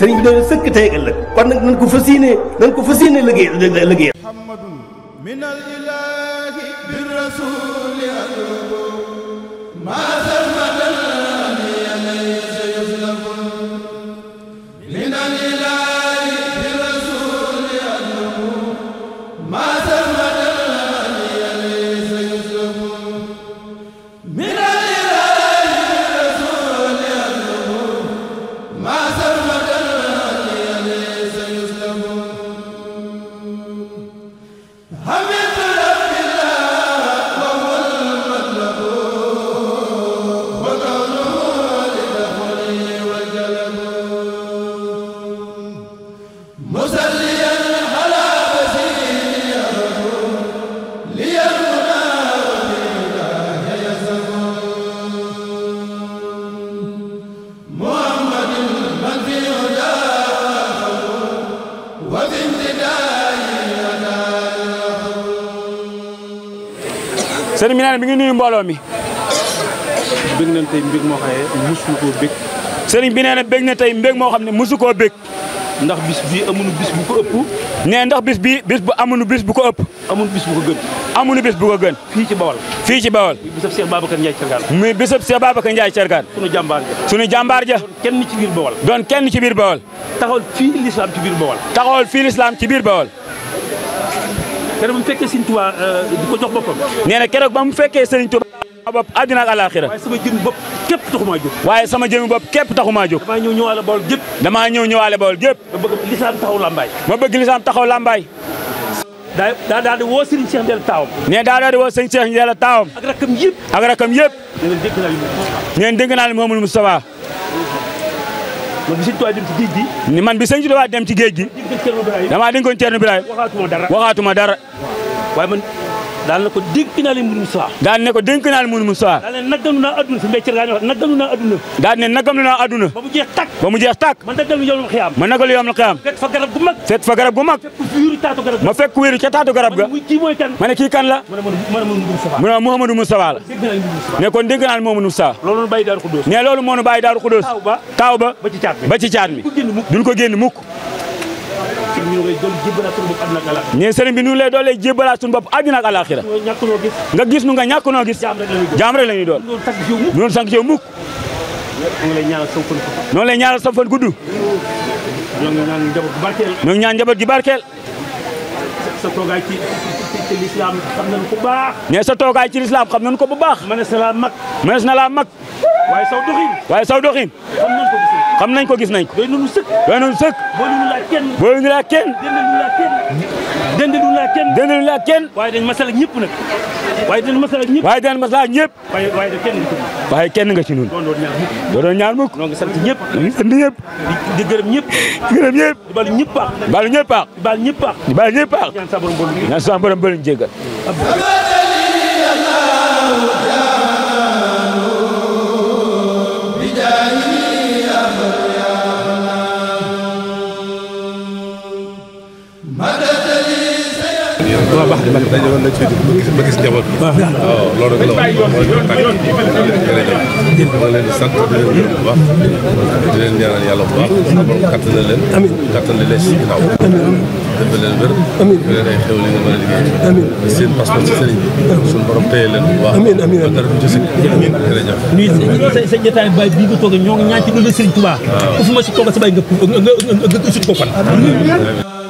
sëriñ bi dana sëkk tey ëllëg kon nag nañ ko fas yéene nañ ko fas yéene liggéey liggéey. Muhammadun min al ilaahi bi rasuuli sëriñ bi mi ngi nuyu mbooloo mi. nañ tey mbég moo sëriñ bi nee na bég na tey mbég moo xam ne musu koo bég. ndax bis bii amuñu bis bu ko ëpp. nee ndax bis bii bis bu bis bu ko ëpp. amuñu bis bu ko gën. amuñu bis bu ko gën. fii ci Bawal. fii ci Bawal. muy bisab Cheikh Babacar Ndiaye Thiergane. muy bisab Cheikh Babacar Ndiaye Thiergane. sunu jàmbaar ja. sunu jàmbaar ja. doon kenn ci biir Bawal. doon kenn ci biir Bawal. taxawal fii lislaam ci biir Bawal. taxawal fii lislaam ci biir Bawal. keroog bu fekkee Serigne Touba euh, di ko jox boppam. nee na keroog ba mu fekkee Serigne Touba. bopp àddina ak alaaxira. waaye sama jëm bopp képp taxumaa jóg. waaye sama jëm bopp képp taxumaa jóg. damaa ñëw ñëwaale bool gépp. damaa ñëw ñëwaale bool gépp. ma bëgg lislaam taxaw lambaay. ma bëgg lislaam taxaw lambaay. daa daal di woo Serigne Cheikh Ndiéla taawam. daal di woo Serigne Cheikh Ndiéla taawam. ak rakam yëpp. ak rakam yëpp. nee na dégg naa li Mouhamadou Moustapha ni man bi sëñ Tuubaa dem ci géej gi damaa dénkoon Ceerno Birahim waxaatuma dara waxaatuma dara waaye man daal na ko dénk naa ne ko dénk naa leen mbirum Moussa. daal ne naggandu naa adduna fi mbéy cër gaa ñu wax ba mu jeex tàkk. ba mu jeex tàkk. ma ma naggalu yowmal xiyaam. fekk fa fa garab gu ma fekk wéeru ca taatu garab ga. ma ne kii kan la. mu ne Mouhamadou Moussa la. ne kon dénk naa leen Mouhamadou Moussa. ne loolu moo nu bàyyi Daaru Xudóos. taaw ba ba ci caat mi duñ ko génn mukk bi ñu ngi lay doon jébbalaat bopp àddina ak alaxira. bi lay doon lay jébbalaat suñu bopp àddina ak alaxira. nga gis nu nga ñàkk noo gis. jaam rek la ñuy doon doon sànq ci yow sa fan gudd. noonu lay ñaanal sa fan gudd. ñoo ngi ñaan njaboot gi barkeel. ñoo ngi ñaan njaboot gi barkeel. sa toogaay ci ci lislaam xam nañu ko bu baax. nee sa toogaay ci lislaam xam nañu ko bu baax. mënees na laa mag. mënees na laa mag. waaye saw doxin. waaye xam nañ ko gis nañ ko. doy nañu sëkk doy nañu sëkk. booluñu laa kenn booluñu laa kenn. dendaluñu laa kenn dendaluñu laa kenn. dendaluñu laa kenn. waaye dañ masal ak ñëpp nag. waaye dañ masal ak ñëpp. waaye dañ masal ak ñëpp. waaye waaye kenn nga ci ñun. waaye kenn nga ci ñun. doo doon ñaar mukk. doo doon ñaar mukk. ñoo ngi sant ñëpp. ñoo ngi sant ñëpp. di gërëm ñëpp. di gërëm ñëpp. di balu ñëpp paax. balu ñëpp paax. di balu ñëpp paax. di balu ñëpp paax. ñaan sa borom bëri ñu jéggal waaw baax na baax na la ci gis ma gis njaboot bi. waaw loolu rek la woon loolu rek la woon leen di sant di leen gërëm di leen ñaanal yàlla bu baax kattan leen. amiin kattan leen si ginnaaw. dafa leen wér. leen ay xew li nga mën a seen passeport ci sëriñ bi. suñu borom téye leen bu baax. amiin amiin dara du ci si. amiin jërëjëf. ñuy sa sa baay bii nga toog ñoo ngi ñaan ci loolu sëriñ Tuubaa. waaw si toog sa baay nga nga nga nga